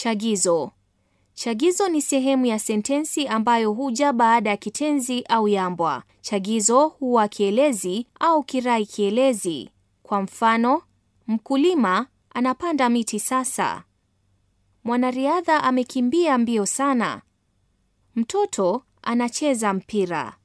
Chagizo. Chagizo ni sehemu ya sentensi ambayo huja baada ya kitenzi au yambwa. Chagizo huwa kielezi au kirai kielezi. Kwa mfano, mkulima anapanda miti sasa. Mwanariadha amekimbia mbio sana. Mtoto anacheza mpira.